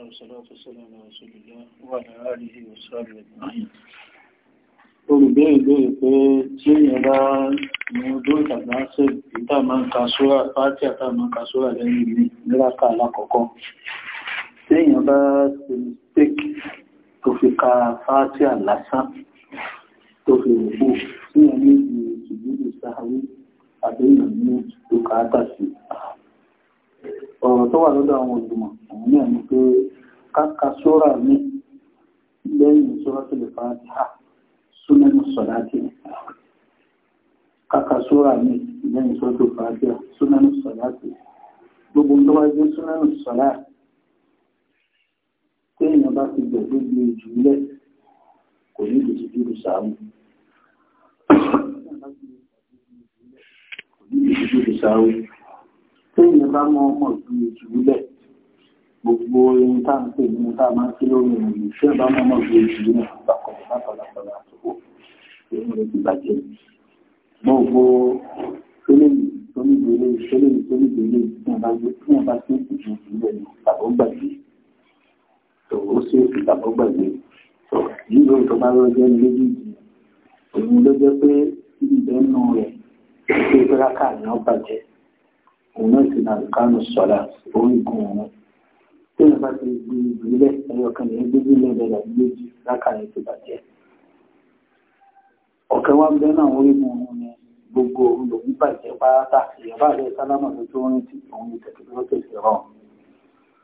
الله والصلاة والسلام على رسول الله وعلى آله وصحبه أجمعين olùgbéyìn lórí pé tí èèyàn bá ní ọdún ìtàgbà ṣe ìta máa ń ka sóra pàtí àtà máa ń ka sóra lẹ́yìn ilé níláka alákọ̀ọ́kọ́ tí èèyàn bá ṣe mistake tó fi ka pàtí àlásán tó fi rògbò tí èèyàn ní ìlú ìṣèlú ìsáwí àbẹ́yàn ní ìtòkà àtàṣe ọ̀rọ̀ tó wà lọ́dọ̀ àwọn olùmọ̀ òun náà ni pé káka sóra mi lẹ́yìn sóra tó lè Fatiha súnmẹ́nu sọ̀láàtì káka sóra mi lẹ́yìn sóra tó lè Fatiha súnmẹ́nu sọ̀láàtì gbogbo ń lọ́wọ́ ẹgbẹ́ súnmẹ́nu sọ̀láàtì téèyàn bá ti gbẹ̀ gbogbo ìjù lẹ̀ kò ní ìdòtí dúró sáàmù téèyàn bá mọ ọmọ ìjù lẹ̀ gbogbo ohun tá à ń pè ní ohun tá a máa ń kí lórí ìrìn tí ó bá mọ̀ mọ́ bí oṣù ní ìgbà kan látọ̀látọ̀lá àtòkò èyí ló ti bàjẹ́ gbogbo eléyìí tó ní ìgbélé eléyìí tó ní ìgbélé tí wọ́n bá gbé tí wọ́n bá gbé ìjù ìbílẹ̀ ní tàbó gbàgbé tó ó sì èsì tàbó gbàgbé tó yìí lórí tó bá lọ́jọ́ ní lójú ìjì òun ló jẹ́ pé ìbẹ́nu rẹ̀ tó fẹ́ rákà ní ọ bàjẹ́ òun náà sì nà lùkánù sọ̀rọ̀ orígun òun tí wọ́n bá ti gbé ìgbìlẹ̀ ẹ̀yọ kan ní gbígbé lẹ́bẹ̀rẹ̀ méjì lákàrẹ̀ tó bàjẹ́ ọ̀kẹ́ wá bẹ́ẹ̀ náà wọ́n rí mọ́ ọmọ ni gbogbo olùkú bàjẹ́ pátá ìyàbá rẹ̀ sálámà tó tó ń ti òun ní tẹ̀kẹ́tẹ́kẹ́ sí rọ̀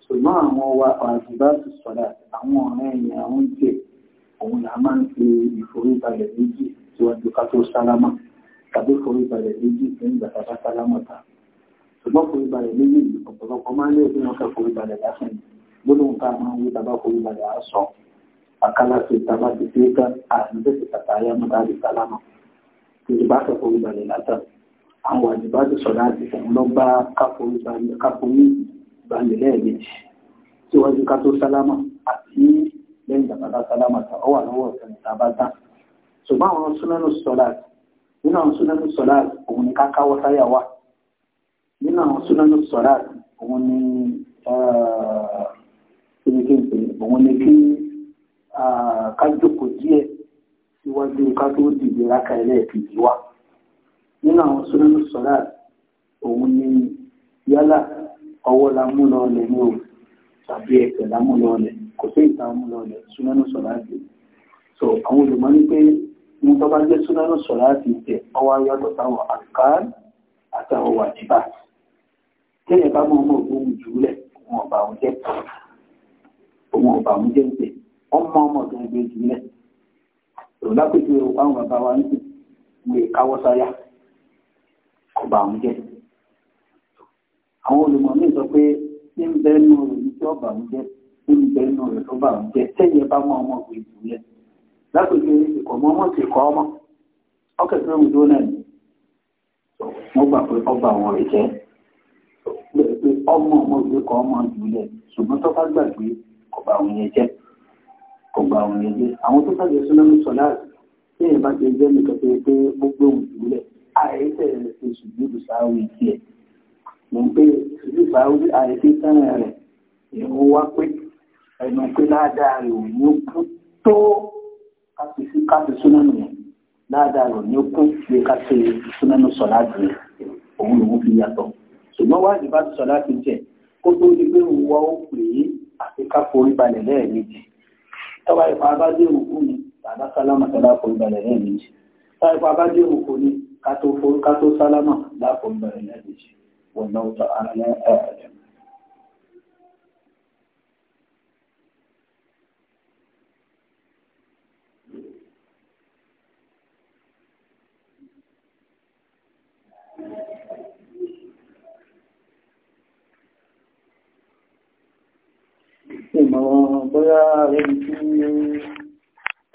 ṣùgbọ́n àwọn wa àdìbá ti sọ̀dà àwọn ọ̀rẹ́ ẹ̀yìn àwọn jẹ́ òun là máa ń fi ìforíbalẹ̀ méjì síwájú ká tó sálámà tàbí ìforíbalẹ̀ méjì lẹ́yìn gbàtàkà sálámà ta ṣùgbọ́n forí balẹ̀ méjì ọ̀pọ̀lọpọ̀ máa ń lé ìpínlẹ̀ ọ̀kẹ́ forí balẹ̀ lásán gbólóhùn tá a máa ń wí tàbá forí balẹ̀ á sọ àkàlà sí tàbá ti fi ká àrùn tẹ̀sí tàbá ayé mọ́tà àti sálámà ìdìbà kẹ́ forí balẹ̀ látàn àwọn àdìbà ti sọ̀rọ̀ àti òun lọ bá káforí balẹ̀ lẹ́ẹ̀mejì síwájú ká tó sálámà àti lẹ́yìn tàbá sálámà tà ọ wà lọ́wọ́ ọ̀sẹ̀ tàbá tà ṣùgbọ́n àwọn súnmẹ́nu sọ̀lá nínú àwọn súnánù sọ̀rọ̀ òun ni eh, kéńkéńpé òun ni kí ah, kájòkó díẹ̀ síwájú ká tó dìde ráka ẹlẹ́ẹ̀kejì wá nínú àwọn súnánù sọ̀rọ̀ òun ni yálà ọwọ́ la mú lọ lẹ̀ ní o tàbí ẹsẹ̀ la mú lọ lẹ̀ kò sí ìta mú lọ sọ̀rọ̀ àti so àwọn olùmọ̀ ní pé ní tó bá jẹ́ súnánù sọ̀rọ̀ àti ìtẹ̀ ọwọ́ ayọ́tọ̀ táwọn àkàr àtàwọn wàjibáàtì kéèyàn bá mọ̀ ọmọ ògbóhùn jùlẹ̀ òun ọ̀bà òun jẹ́ òun ọ̀bà òun jẹ́ ìpè ọmọ ọmọ ọ̀gá ẹgbẹ́ jùlẹ̀ òun lápèjú àwọn bàbá wa ń sìn lè káwọ́ sáyà ọ̀bà òun jẹ́ àwọn olùmọ̀ mi sọ pé ní ń bẹ́ẹ̀ nù rẹ̀ ní tí ọ̀bà òun jẹ́ ní ń bẹ́ẹ̀ nù rẹ̀ tó bà òun jẹ́ kéèyàn bá mọ̀ ọmọ ògbóhùn jùlẹ̀ lápèjú ìkọ̀ mọ́ ọmọ ti kọ́ ọmọ ọkẹ́ fẹ́ wùdó náà ni mo gbà pé ọba àwọn rẹ̀ jẹ́ ọmọ ọmọ ìwé kan ọmọ ìjùlẹ̀ ṣùgbọ́n tó bá gbàgbé kò bá òun yẹn jẹ́ kò bá òun yẹn jẹ́ àwọn tó bàjẹ́ sínú ní sọ̀lá tí èèyàn bá ti jẹ́ nìkan tó yẹ pé gbogbo òun ìjùlẹ̀ àìsẹ̀ rẹ̀ ti ṣùgbọ́n sáré tiẹ̀ mo ń pè ṣùgbọ́n sáré àìsẹ̀ sẹ́rìn rẹ̀ èèyàn wá pé ẹnu pé ládàá rẹ̀ ò ní kú tó káfí súná nìyẹn ládàá rẹ̀ ò ní kú ṣùgbọ́n wá ìbá ti sọ láti jẹ kó tó di pé òwò ó pè é àti ká forí balẹ̀ lẹ́ẹ̀mejì tọ́wá ìfà bá dé òkú ni bàbá sálámà tó láforí balẹ̀ lẹ́ẹ̀mejì tọ́wá ìfà bá dé òkú ni ká tó sálámà láforí balẹ̀ lẹ́ẹ̀mejì wọ́n náà tó ara lẹ́ẹ̀ẹ́dẹ̀m ìmọ̀ bóyá ẹni tí